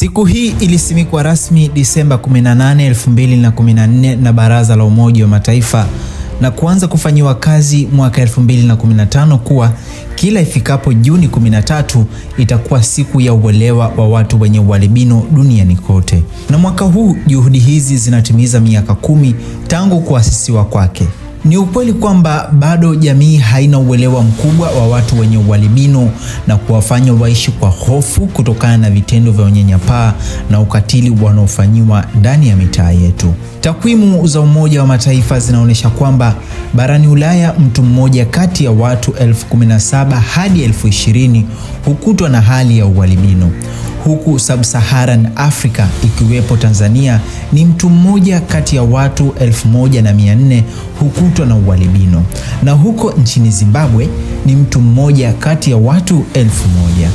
Siku hii ilisimikwa rasmi Disemba 18, 2014 na Baraza la Umoja wa Mataifa na kuanza kufanyiwa kazi mwaka 2015 kuwa kila ifikapo Juni 13 itakuwa siku ya uelewa wa watu wenye ualbino duniani kote. Na mwaka huu juhudi hizi zinatimiza miaka kumi tangu kuasisiwa kwake. Ni ukweli kwamba bado jamii haina uelewa mkubwa wa watu wenye ualbino na kuwafanya waishi kwa hofu kutokana na vitendo vya unyanyapaa na ukatili wanaofanyiwa ndani ya mitaa yetu. Takwimu za Umoja wa Mataifa zinaonyesha kwamba barani Ulaya mtu mmoja kati ya watu elfu 17 hadi elfu 20 hukutwa na hali ya ualbino huku Sub-Saharan Africa ikiwepo Tanzania ni mtu mmoja kati ya watu 1400 hukutwa na ualbino, na huko nchini Zimbabwe ni mtu mmoja kati ya watu 1000.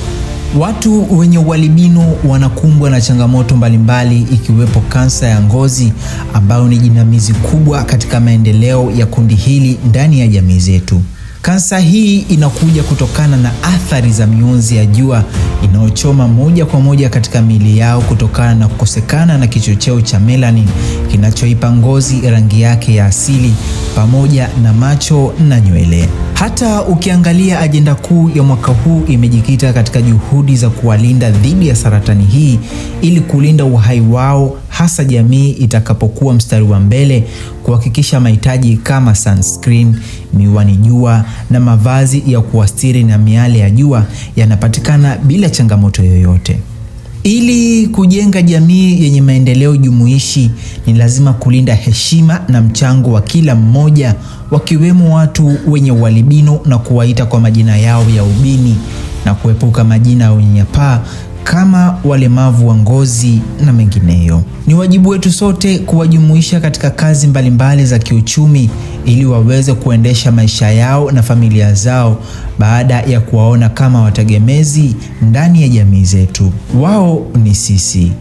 Watu wenye ualbino wanakumbwa na changamoto mbalimbali ikiwepo kansa ya ngozi ambayo ni jinamizi kubwa katika maendeleo ya kundi hili ndani ya jamii zetu. Kansa hii inakuja kutokana na athari za mionzi ya jua inayochoma moja kwa moja katika miili yao kutokana na kukosekana na kichocheo cha melanin kinachoipa ngozi rangi yake ya asili pamoja na macho na nywele. Hata ukiangalia ajenda kuu ya mwaka huu imejikita katika juhudi za kuwalinda dhidi ya saratani hii ili kulinda uhai wao, hasa jamii itakapokuwa mstari wa mbele kuhakikisha mahitaji kama sunscreen miwani jua na mavazi ya kuastiri na miale ya jua yanapatikana bila changamoto yoyote. Ili kujenga jamii yenye maendeleo jumuishi, ni lazima kulinda heshima na mchango wa kila mmoja, wakiwemo watu wenye ualbino na kuwaita kwa majina yao ya ubini na kuepuka majina ya unyanyapaa kama walemavu wa ngozi na mengineyo. Ni wajibu wetu sote kuwajumuisha katika kazi mbalimbali mbali za kiuchumi ili waweze kuendesha maisha yao na familia zao baada ya kuwaona kama wategemezi ndani ya jamii zetu. Wao ni sisi.